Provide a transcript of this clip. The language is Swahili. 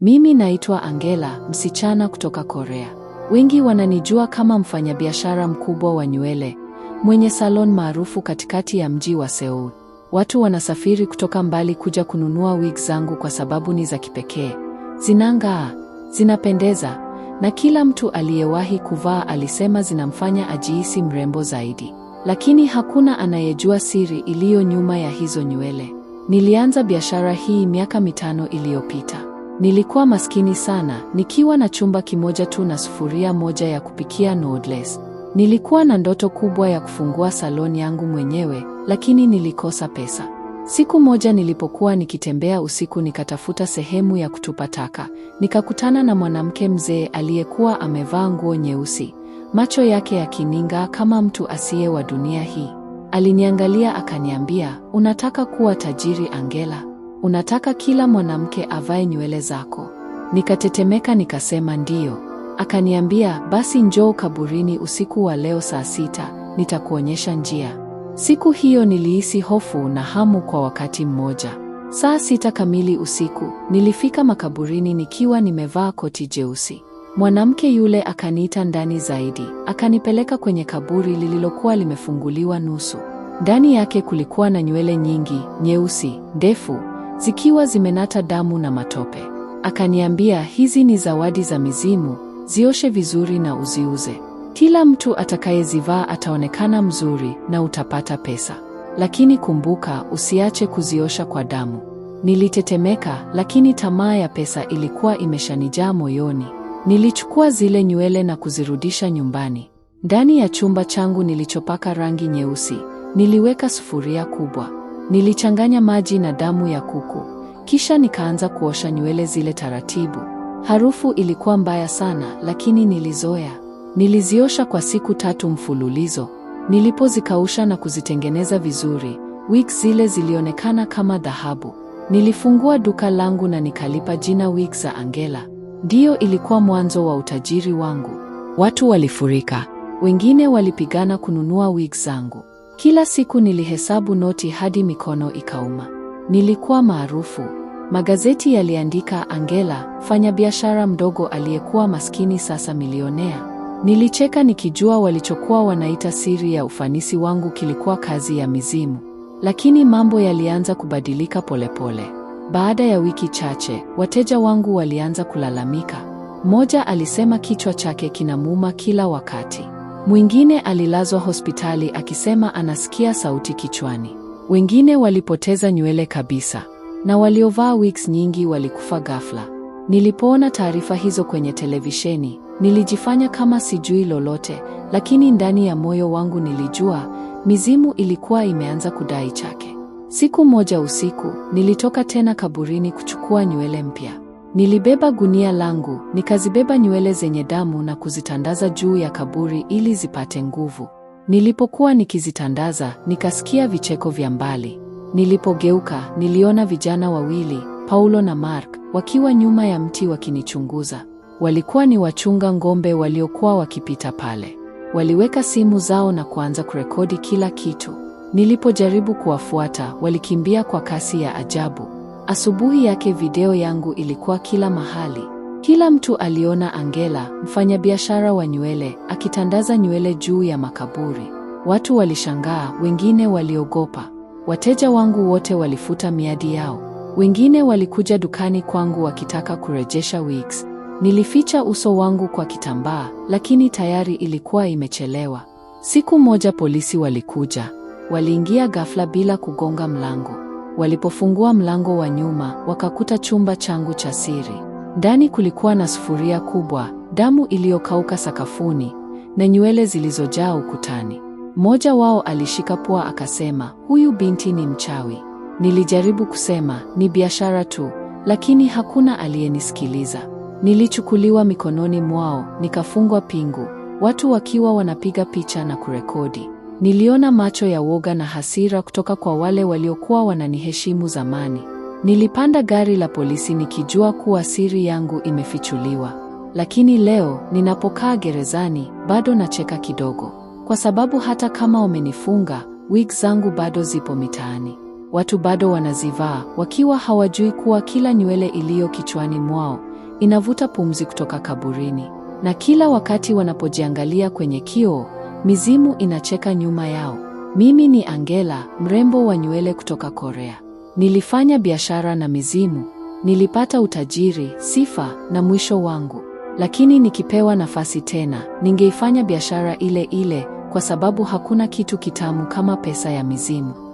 Mimi naitwa Angela, msichana kutoka Korea. Wengi wananijua kama mfanyabiashara mkubwa wa nywele, mwenye salon maarufu katikati ya mji wa Seoul. Watu wanasafiri kutoka mbali kuja kununua wig zangu kwa sababu ni za kipekee. Zinang'aa, zinapendeza na kila mtu aliyewahi kuvaa alisema zinamfanya ajihisi mrembo zaidi. Lakini hakuna anayejua siri iliyo nyuma ya hizo nywele. Nilianza biashara hii miaka mitano iliyopita. Nilikuwa maskini sana, nikiwa na chumba kimoja tu na sufuria moja ya kupikia noodles. Nilikuwa na ndoto kubwa ya kufungua saloni yangu mwenyewe, lakini nilikosa pesa. Siku moja nilipokuwa nikitembea usiku nikatafuta sehemu ya kutupa taka, nikakutana na mwanamke mzee aliyekuwa amevaa nguo nyeusi, macho yake yakininga kama mtu asiye wa dunia hii. Aliniangalia akaniambia, unataka kuwa tajiri Angela? unataka kila mwanamke avae nywele zako? Nikatetemeka nikasema ndiyo. Akaniambia basi njoo kaburini usiku wa leo saa sita, nitakuonyesha njia. Siku hiyo nilihisi hofu na hamu kwa wakati mmoja. Saa sita kamili usiku nilifika makaburini nikiwa nimevaa koti jeusi. Mwanamke yule akaniita ndani zaidi, akanipeleka kwenye kaburi lililokuwa limefunguliwa nusu. Ndani yake kulikuwa na nywele nyingi nyeusi ndefu zikiwa zimenata damu na matope. Akaniambia, hizi ni zawadi za mizimu, zioshe vizuri na uziuze. Kila mtu atakayezivaa ataonekana mzuri na utapata pesa, lakini kumbuka, usiache kuziosha kwa damu. Nilitetemeka, lakini tamaa ya pesa ilikuwa imeshanijaa moyoni. Nilichukua zile nywele na kuzirudisha nyumbani. Ndani ya chumba changu nilichopaka rangi nyeusi, niliweka sufuria kubwa. Nilichanganya maji na damu ya kuku, kisha nikaanza kuosha nywele zile taratibu. Harufu ilikuwa mbaya sana, lakini nilizoea. Niliziosha kwa siku tatu mfululizo. Nilipozikausha na kuzitengeneza vizuri, wigs zile zilionekana kama dhahabu. Nilifungua duka langu na nikalipa jina wigs za Angela. Ndiyo ilikuwa mwanzo wa utajiri wangu. Watu walifurika, wengine walipigana kununua wig zangu. Kila siku nilihesabu noti hadi mikono ikauma. Nilikuwa maarufu. Magazeti yaliandika Angela, fanyabiashara mdogo aliyekuwa maskini sasa milionea. Nilicheka nikijua walichokuwa wanaita siri ya ufanisi wangu kilikuwa kazi ya mizimu. Lakini mambo yalianza kubadilika polepole. Baada ya wiki chache, wateja wangu walianza kulalamika. Mmoja alisema kichwa chake kinamuuma kila wakati. Mwingine alilazwa hospitali akisema anasikia sauti kichwani. Wengine walipoteza nywele kabisa, na waliovaa wigs nyingi walikufa ghafla. Nilipoona taarifa hizo kwenye televisheni, nilijifanya kama sijui lolote, lakini ndani ya moyo wangu nilijua mizimu ilikuwa imeanza kudai chake. Siku moja usiku, nilitoka tena kaburini kuchukua nywele mpya. Nilibeba gunia langu, nikazibeba nywele zenye damu na kuzitandaza juu ya kaburi ili zipate nguvu. Nilipokuwa nikizitandaza, nikasikia vicheko vya mbali. Nilipogeuka, niliona vijana wawili, Paulo na Mark, wakiwa nyuma ya mti wakinichunguza. Walikuwa ni wachunga ng'ombe waliokuwa wakipita pale. Waliweka simu zao na kuanza kurekodi kila kitu. Nilipojaribu kuwafuata, walikimbia kwa kasi ya ajabu. Asubuhi yake video yangu ilikuwa kila mahali. Kila mtu aliona Angela, mfanyabiashara wa nywele, akitandaza nywele juu ya makaburi. Watu walishangaa, wengine waliogopa. Wateja wangu wote walifuta miadi yao. Wengine walikuja dukani kwangu wakitaka kurejesha wigs. Nilificha uso wangu kwa kitambaa, lakini tayari ilikuwa imechelewa. Siku moja polisi walikuja. Waliingia ghafla bila kugonga mlango. Walipofungua mlango wa nyuma, wakakuta chumba changu cha siri. Ndani kulikuwa na sufuria kubwa, damu iliyokauka sakafuni na nywele zilizojaa ukutani. Mmoja wao alishika pua akasema, huyu binti ni mchawi. Nilijaribu kusema ni biashara tu, lakini hakuna aliyenisikiliza. Nilichukuliwa mikononi mwao, nikafungwa pingu, watu wakiwa wanapiga picha na kurekodi. Niliona macho ya woga na hasira kutoka kwa wale waliokuwa wananiheshimu zamani. Nilipanda gari la polisi nikijua kuwa siri yangu imefichuliwa. Lakini leo ninapokaa gerezani bado nacheka kidogo, kwa sababu hata kama wamenifunga, wig zangu bado zipo mitaani. Watu bado wanazivaa wakiwa hawajui kuwa kila nywele iliyo kichwani mwao inavuta pumzi kutoka kaburini, na kila wakati wanapojiangalia kwenye kioo Mizimu inacheka nyuma yao. Mimi ni Angela, mrembo wa nywele kutoka Korea. Nilifanya biashara na mizimu, nilipata utajiri, sifa na mwisho wangu. Lakini nikipewa nafasi tena, ningeifanya biashara ile ile kwa sababu hakuna kitu kitamu kama pesa ya mizimu.